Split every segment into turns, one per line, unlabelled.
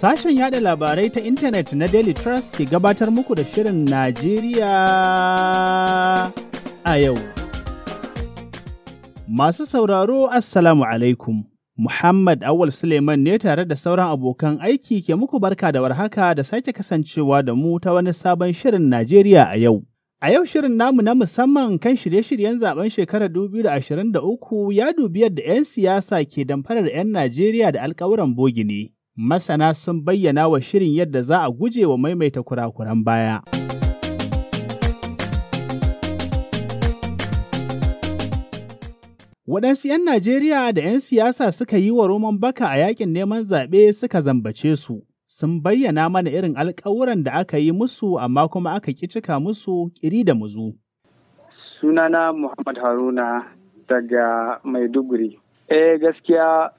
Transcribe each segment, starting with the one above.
Sashen yada labarai ta intanet na Daily Trust ke gabatar muku da Shirin Najeriya a yau. Masu sauraro Assalamu alaikum. Muhammad Awal Suleiman ne tare da sauran abokan aiki ke muku barka da warhaka da sake kasancewa da mu ta wani sabon Shirin Najeriya a yau. A yau shirin namu na musamman kan shirye-shiryen zaben shekarar 2023 ya dubi yadda 'yan siyasa ke damfarar 'yan Najeriya da alkawuran bogi ne. masana sun bayyana wa shirin yadda za a guje wa maimaita kurakuran baya. Waɗansu 'yan Najeriya da 'yan siyasa suka yi wa Roman Baka a yakin neman zaɓe suka zambace su, sun bayyana mana irin alƙawuran da aka yi musu amma kuma aka ƙi cika musu ƙiri da muzu.
Sunana Muhammad Haruna daga Maiduguri. Eh gaskiya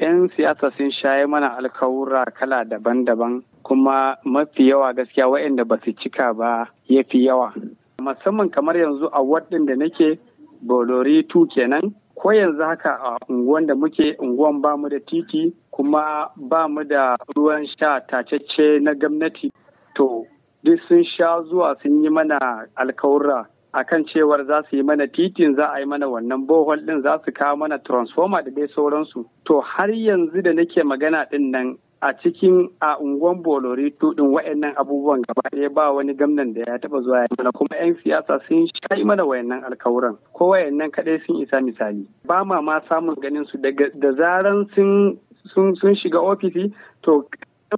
'yan siyasa sun shaye mana alkawura kala daban-daban kuma mafi yawa gaskiya waɗanda ba su cika ba ya fi yawa musamman kamar yanzu a waɗin da nake bolori tu kenan ko yanzu haka a unguwan da muke unguwan ba mu da titi kuma ba mu da ruwan sha tacece na gwamnati to duk sun sha zuwa sun yi mana alkawura akan cewar za su yi mana titin za a yi mana wannan bohol din za su kawo mana transformer da dai sauransu to har yanzu da nake magana din nan a cikin a unguwan bolori tudin wa'annan abubuwan gaba ɗaya ba wani gamnan da ya taɓa zuwa ya mana kuma 'yan siyasa sun shayi mana wayannan alkawuran ko wayannan kaɗai sun isa misali ba ma ma samun ganin su da zaran sun shiga ofisi to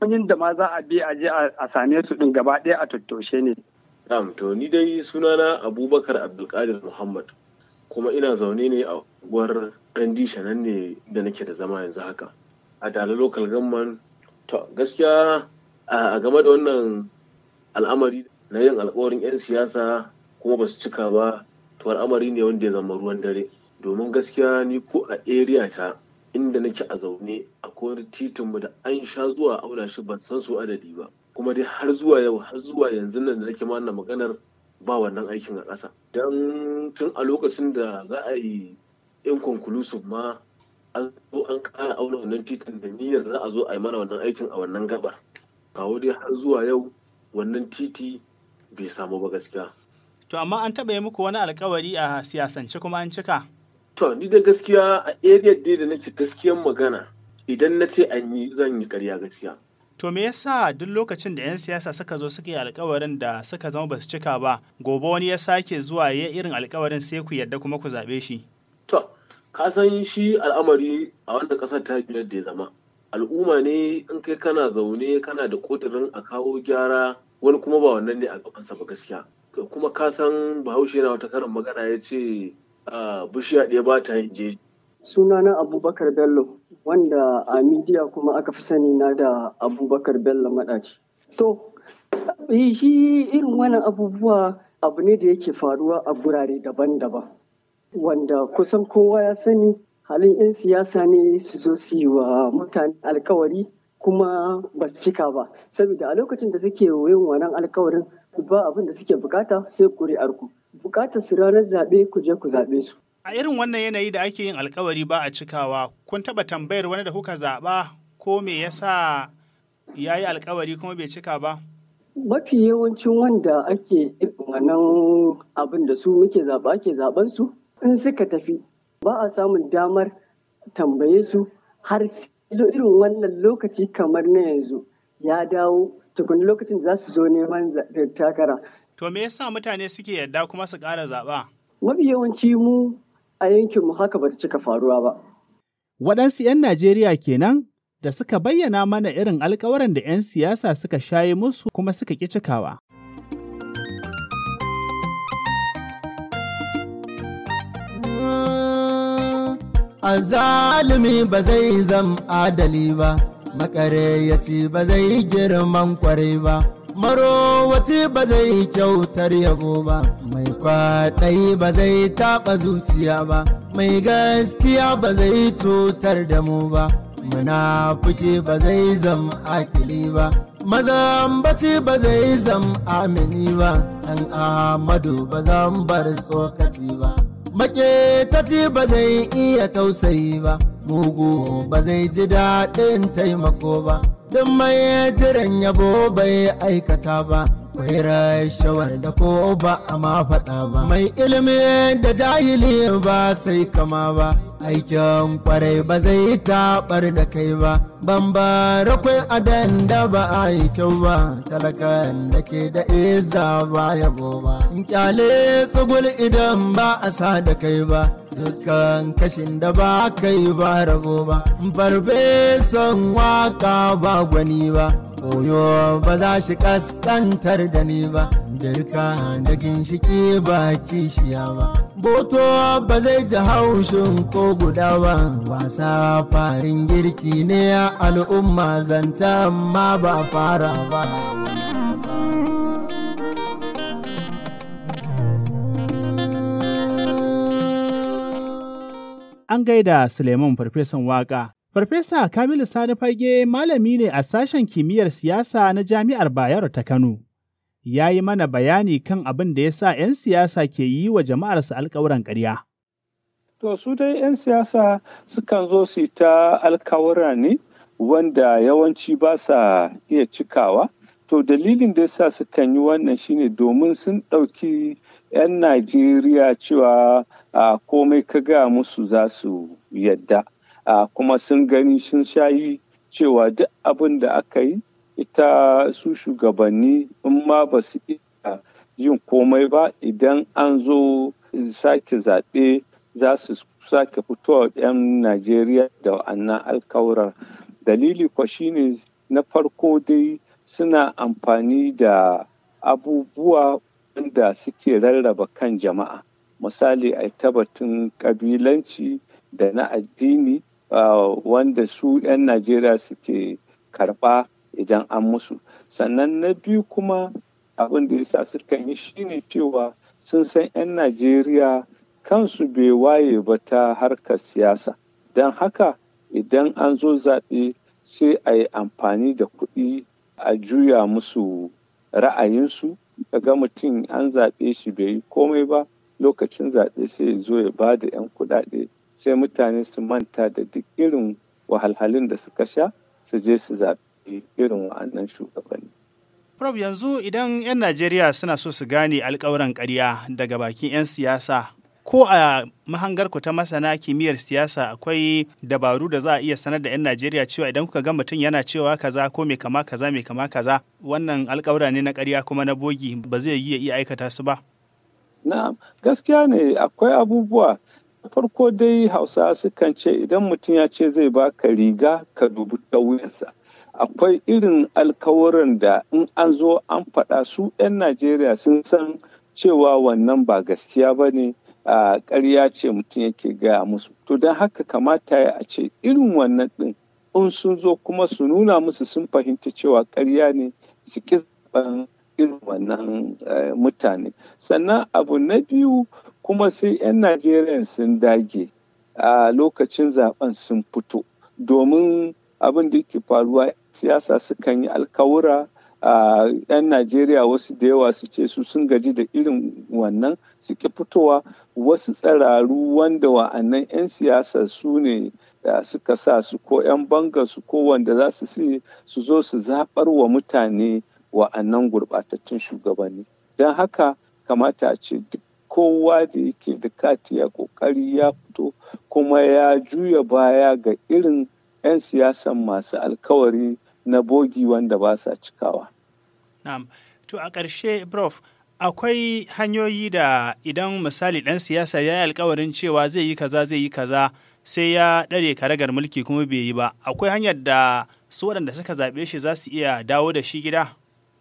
hanyoyin da ma za a bi a je a same su din gaba ɗaya a tattoshe ne
Na'am to ni dai sunana Abubakar Abdulkadir Muhammad kuma ina zaune ne a unguwar Dandisha nan ne da nake da zama yanzu haka. A Dala Local Government to gaskiya a game da wannan al'amari na yin alkawarin 'yan siyasa kuma ba su cika ba to al'amari ne wanda ya zama ruwan dare domin gaskiya ni ko a area ta inda nake a zaune akwai titinmu da an sha zuwa aula shi ban san su adadi ba kuma dai har zuwa yau har zuwa yanzu nan da nake mana maganar ba wannan aikin a ƙasa don tun a lokacin da za a yi inconclusive ma an zo an ƙara auna wannan titin da niyyar za a zo a yi mana wannan aikin a wannan gabar kawo dai har zuwa yau wannan titi bai samu ba gaskiya
to amma an taɓa yi muku wani alkawari a siyasance kuma an cika
to ni da gaskiya a area dai da nake gaskiyan magana idan na ce an yi zan yi ƙarya gaskiya
To me yasa duk lokacin da 'yan siyasa suka zo suka yi alkawarin da suka zama ba su cika ba, gobe wani ya sake zuwa ya irin alkawarin sai ku yarda kuma ku zaɓe shi?
To, ka san shi al'amari a wannan ƙasar ta biyar da ya zama. Al'umma ne in kai kana zaune kana da ƙudurin a kawo gyara wani kuma ba wannan ne a gabansa ba gaskiya. To kuma ka san Bahaushe yana wata karin magana ya ce ah, bishiya ɗaya ba
ta yin jeji. Sunana Abubakar Bello. wanda a midiya kuma aka fi sani na da abubakar bello maɗaci to eh, shi irin wannan abubuwa abu ne da yake faruwa a gurare daban-daban wanda kusan kowa ya sani halin 'yan siyasa ne su zo su yi wa mutane alkawari kuma ba su cika ba saboda a lokacin da suke yin wannan alkawarin ba abin da suke bukata sai ku bukatar su ranar zaɓe ku je ku zaɓe su
a irin wannan yanayi da ake yin alkawari ba a cikawa kun taba tambayar wani da kuka zaɓa ko me yasa ya yi alkawari kuma bai cika ba
mafi yawancin wanda ake irin wannan abin da su muke zaɓa ake zaɓen su in suka tafi ba a samun damar tambaye su har irin wannan lokaci kamar na yanzu ya dawo tukun lokacin za su zo neman takara.
To me yasa mutane suke yarda kuma su ƙara zaɓa?
Mafi yawanci mu a yankinmu haka ba ta cika faruwa ba.
Waɗansu 'yan Najeriya kenan da suka bayyana mana irin alkawaran da 'yan siyasa suka shaye musu kuma suka ƙi cikawa.
Azalimi ba zai zam adali ba, maƙarayyaci ba zai girman kwarai ba. marowaci ba zai kyautar yabo ba mai kwaɗayi ba zai taɓa zuciya ba mai gaskiya ba zai cutar da mu ba fuke ba zai zam akili ba mazambaci ba zai zam amini ba ɗan amadu ba zan bar tsokaci ba maketaci ba zai iya tausayi ba mugu ba zai ji daɗin taimako ba duk mai jiran yabo bai aikata ba kwai rashawar da ko ba a ma faɗa ba mai ilimi da jahili ba sai kama ba aikin kwarai ba zai taɓar da kai ba bambara kwai adan da ba a yi kyau ba talakan da ke da iza ba yabo ba in kyale tsugul idan ba a sa da kai ba dukkan kashin da ba kai ba rabo ba barbe son waka ba gwani ba koyo ba za shi kaskantar da ni ba dirka da ginshiki ba kishiya ba boto ba zai ji haushin ko guda ba wasa farin girki ne a al'umma zanta ma ba fara ba
an gaida Suleiman farfesan waƙa. Farfesa Kamilu Sani Fage malami ne a sashen kimiyyar siyasa na Jami'ar Bayero ta Kano. Ya yi mana bayani kan abin da ya sa 'yan siyasa ke yi wa jama'arsa alkawuran ƙarya.
To su dai 'yan siyasa sukan zo su ta alkawura ne wanda yawanci ba sa iya cikawa. To dalilin da ya sa sukan yi wannan shine domin sun ɗauki 'yan najeriya cewa komai ka ga musu za su yadda kuma sun gani sun shayi cewa duk abin da aka yi ita su shugabanni in ma ba su iya yin komai ba idan an zo sake zaɓe za su sake fitowa 'yan najeriya da wa'annan alkawarar dalili kwa shine na farko dai suna amfani da abubuwa wanda suke rarraba kan jama'a misali a tabbatin kabilanci da na addini wanda su 'yan najeriya suke karba idan an musu sannan na biyu kuma abin da yasa sukan yi shine cewa sun san 'yan najeriya kansu bai waye ba ta harkar siyasa don haka idan an zo zaɓe sai a yi amfani da kuɗi a juya musu ra'ayinsu ga mutum an zaɓe shi bai yi komai ba lokacin zaɓe sai ya zo ya ba da 'yan kuɗaɗe sai mutane su manta da duk irin wahalhalun da suka sha su je su zaɓi irin wa'annan shugabanni.
Prof yanzu idan 'yan Najeriya suna so su gane alkawuran ƙarya daga bakin 'yan siyasa ko a mahangarku ta masana kimiyyar siyasa akwai dabaru da za a iya sanar da 'yan Najeriya cewa idan kuka ga mutum yana cewa kaza ko mai kama kaza mai kama kaza wannan alƙawura ne na ƙarya kuma na bogi ba zai ya iya aikata su ba.
Na gaskiya ne akwai abubuwa farko dai hausa sukan ce idan mutum ya ce zai baka riga ka dubi ɗauyensa akwai irin alkawuran da in an zo an faɗa su 'yan najeriya sun san cewa wannan ba gaskiya ba ne ƙarya ce mutum yake gaya musu to don haka kamata ya a ce irin wannan ɗin in sun zo kuma su nuna musu sun fahimta cewa ƙarya ne su ƙi irin wannan mutane sannan abu na biyu kuma sai 'yan najeriya sun dage a lokacin zaben sun fito domin abin da yake faruwa siyasa sukan yi alkawura a 'yan najeriya wasu da yawa su ce su sun gaji da irin wannan suke fitowa wasu tsararu wanda wa'annan 'yan siyasa su ne suka sa su ko 'yan banga su ko wanda za su su zo su zaɓar wa mutane wa'annan gurɓatattun shugabanni don haka kamata a ce duk kowa da yake da kati ya ƙoƙari ya fito kuma ya juya baya ga irin 'yan siyasan masu alkawari na bogi wanda ba sa cikawa.
to a ƙarshe Prof, akwai hanyoyi da idan misali ɗan siyasa ya yi alkawarin cewa zai yi kaza zai yi kaza sai ya ɗare karagar mulki kuma bai yi ba. Akwai hanyar da su waɗanda suka zaɓe shi za su iya dawo da shi gida?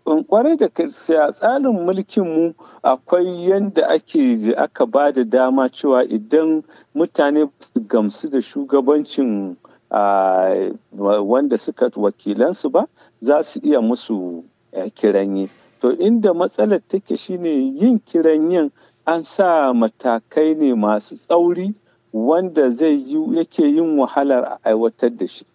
kwarai um, da a tsarin mulkinmu akwai yadda ake aka ba da dama cewa idan mutane su gamsu da shugabancin wanda suka wakilansu ba za su iya musu eh, kiranyi to inda matsalar take shine yin kiranyin an sa matakai ne masu tsauri wanda zai yi yake yin wahalar a aiwatar da shi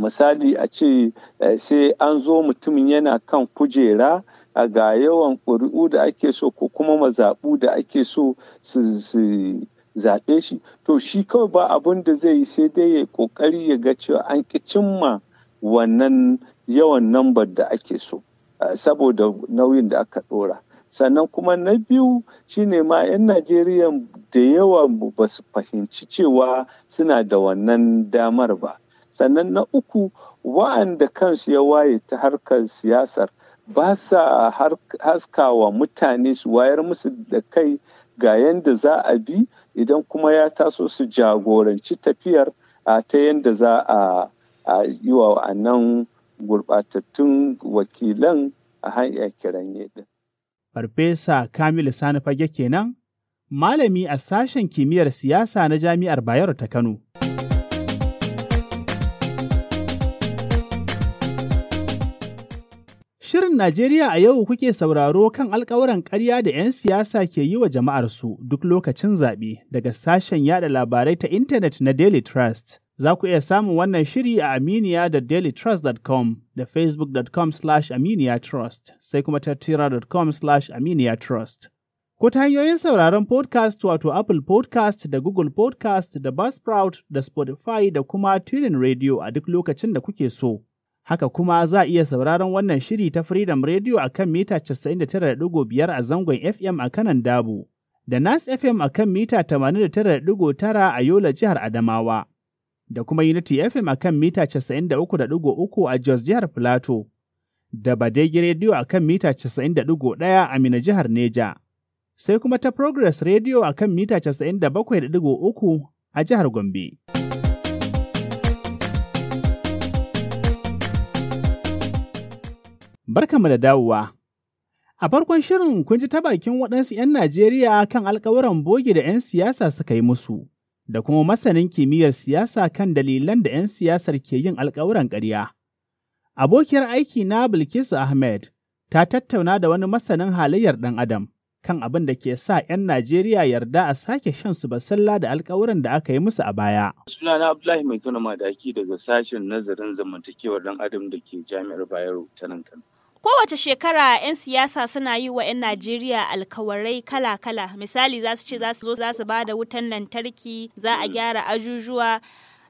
misali a ce eh, sai an zo mutumin yana kan kujera ga yawan ƙuri'u da ake so ko kuma mazaɓu da ake so su zaɓe shi to shi kawai ba abin da zai yi sai dai ya ƙoƙari ya ga cewa an ƙi cimma wannan yawan nambar da ake so saboda nauyin da aka ɗora sannan kuma na biyu shine ma 'yan najeriya da yawa ba su fahimci cewa suna da wannan damar ba sannan na uku wa'anda kansu ya waye ta harkar siyasar ba sa haskawa mutane su wayar musu da kai ga yadda za a bi idan kuma ya taso su jagoranci tafiyar a ta yadda za a yi wa wa'annan gurɓatattun wakilan a hanyar kiranye din.
Farfesa Kamil Sani Fage kenan, malami a sashen kimiyyar siyasa na Jami'ar Bayero ta Kano. Shirin Najeriya a yau kuke sauraro kan alkawuran ƙarya da 'yan siyasa ke yi wa jama'arsu duk lokacin zaɓe daga sashen yada labarai ta intanet na Daily Trust. Za ku iya samun wannan shiri a Aminiya da dailytrust.com da facebook.com slash aminiyatrust sai kuma tattira.com slash aminiyatrust. Ko ta hanyoyin sauraron podcast wato Apple podcast da Google podcast da Buzzsprout da Spotify da kuma Tuning Radio a duk lokacin da kuke so. Haka kuma za a iya sauraron wannan shiri ta Freedom Radio a kan mita 99.5 a zangon FM a kanan dabu, da Nas FM a kan mita 89.9 a Yola jihar Adamawa, da kuma Unity FM a kan mita 93.3 a Jos jihar Filato, da Badegi Radio a kan mita 91 a Mina jihar Neja, sai kuma ta Progress Radio a kan mita 97.3 a jihar Gombe. Barkanmu da dawowa. A farkon shirin kun ji ta bakin waɗansu ‘yan Najeriya kan alkawuran bogi da ‘yan siyasa suka yi musu, da kuma masanin kimiyyar siyasa kan dalilan da ‘yan siyasar ke yin alkawuran ƙarya. Abokiyar aiki na Bilkisu Ahmed ta tattauna da wani masanin halayyar ɗan Adam kan abin da ke sa ‘yan Najeriya yarda a sake shan su basalla da alkawuran da aka yi musu a
baya. Sunana Abdullahi Mai Madaki daga sashen nazarin zamantakewar ɗan Adam da ke Jami'ar Bayero ta nan Kano.
Kowace shekara 'yan siyasa suna yi wa 'yan Najeriya alkawarai kala-kala. Misali za su ce za su zo za su ba da wutan lantarki, za a gyara ajujuwa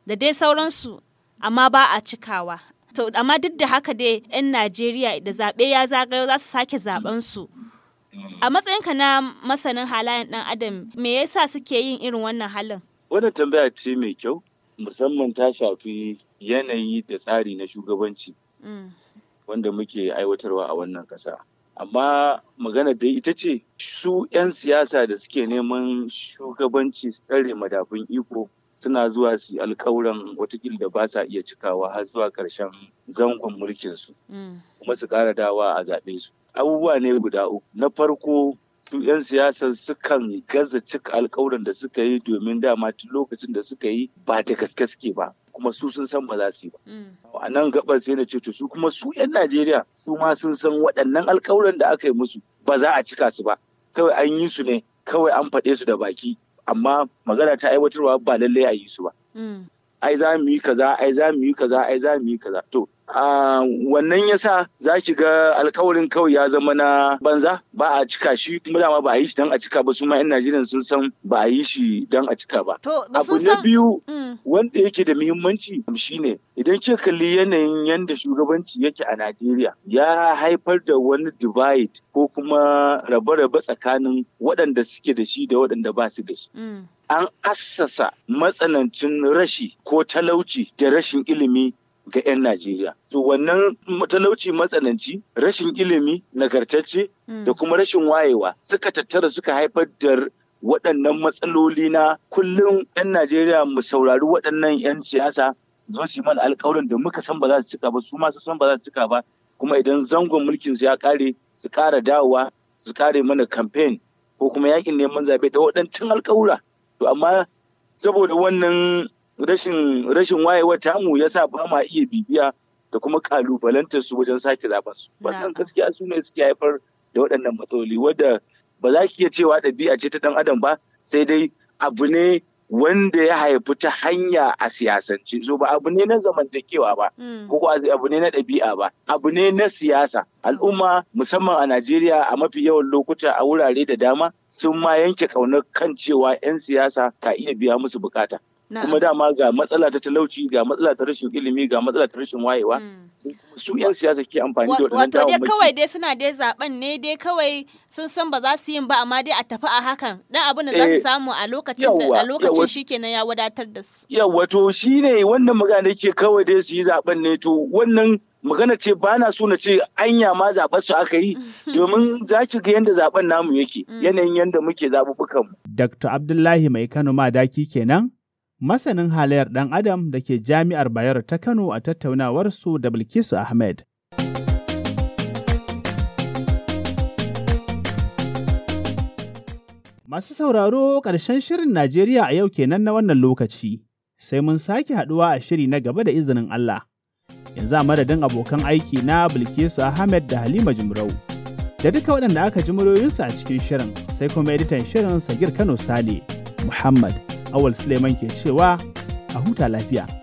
da dai sauransu, amma ba a cikawa. To, amma duk da haka dai 'yan Najeriya da zaɓe ya zagayo za su sake zaɓensu. A matsayinka na masanin halayen ɗan Adam, me yasa suke yin irin wannan halin?
Wannan tambaya ce mai kyau, musamman ta shafi yanayi da tsari na shugabanci. Mm. wanda muke aiwatarwa a wannan ƙasa. Amma magana dai ita ce su 'yan siyasa da suke neman shugabanci tsare madafun iko suna zuwa su alkawuran watakil da ba sa iya cikawa har zuwa karshen zangon mulkinsu mm. kuma su ƙara dawa a zaɓe su. Abubuwa ne guda uku. Na farko su 'yan siyasar sukan gaza cika alkawuran da suka yi domin dama tun lokacin da suka yi ba ta gaske ba kuma su sun san ba za su yi ba. Mm. A nan gabar sai na ce to su kuma su 'yan Najeriya su ma sun san waɗannan alkawuran da aka yi musu ba za a cika su ba. Kawai an yi su ne kawai an faɗe su da baki amma magana ta aiwatarwa ba lallai a yi su ba. Mm. Ai za mu yi kaza, ai za mu yi kaza, ai za mu yi kaza. To wannan yasa za ki ga alkawarin kawai ya zama na banza ba a cika shi kuma dama ba a yi shi don a cika ba su ma 'yan Najeriya sun san ba a yi shi don a cika ba. Abu na biyu mm. wanda yake da muhimmanci ne. idan kika kalli yanayin yadda shugabanci yake a Najeriya ya haifar da wani divide ko kuma rabe-rabe tsakanin waɗanda suke da shi da waɗanda ba su da shi. Mm. an assasa matsanancin rashi ko talauci da rashin ilimi ga 'yan Najeriya. to wannan talauci matsananci, rashin ilimi nagartacce hmm. da kuma rashin wayewa suka tattara suka haifar da waɗannan matsaloli na kullum 'yan Najeriya mu saurari waɗannan 'yan siyasa don su mana alkawarin da muka san ba za su cika ba su ma su san ba za su cika ba kuma idan zangon mulkin su ya kare su kara dawowa su kare mana campaign ko kuma yakin neman zaɓe da waɗancan alƙawura to amma saboda wannan rashin rashin wayewar tamu sa ba ma iya bibiya da kuma kalubalantar su wajen sake zaben su wannan gaskiya su ne suke haifar da waɗannan matsaloli wadda ba za ki iya cewa ɗabi'a ce ta ɗan adam ba sai dai abu ne wanda ya haifi ta hanya a siyasance so ba abu ne na zamantakewa ba mm. ko abu ne na ɗabi'a ba abu ne na siyasa al'umma musamman a najeriya a mafi yawan lokuta a wurare da dama sun ma yanke ƙaunar kan cewa 'yan siyasa ka iya biya musu bukata kuma dama ga matsala ta talauci ga matsala ta rashin ilimi ga matsala ta rashin wayewa hmm. su yan siyasa ke amfani da wannan wato dai kawai
dai suna dai zaben ne dai kawai sun san ba za su yin ba amma dai a tafi a hakan dan abin da za su eh, samu a lokacin a lokacin shikenan ya wadatar da
su yawa to shine wannan magana ke kawai dai su yi zaben ne to wannan magana ce ba na so na ce anya ma zaben su aka yi domin za ki ga yadda zaɓen namu yake hmm. yanayin yadda muke mu
Dr. Abdullahi Mai Kano ma daki kenan masanin halayyar ɗan adam da ke jami'ar Bayero ta Kano a tattaunawar su da Bilkisu Ahmed. Masu sauraro ƙarshen shirin Najeriya a yau kenan na wannan lokaci, sai mun sake haɗuwa a shiri na gaba da izinin Allah. Yanzu a madadin abokan aiki na Bilkisu Ahmed da Halima Jimrau. Da duka waɗanda aka ji muryoyinsu a cikin shirin, sai kuma editan shirin Sagir Kano Sale, Muhammad. Awal Suleiman ke cewa
a huta lafiya.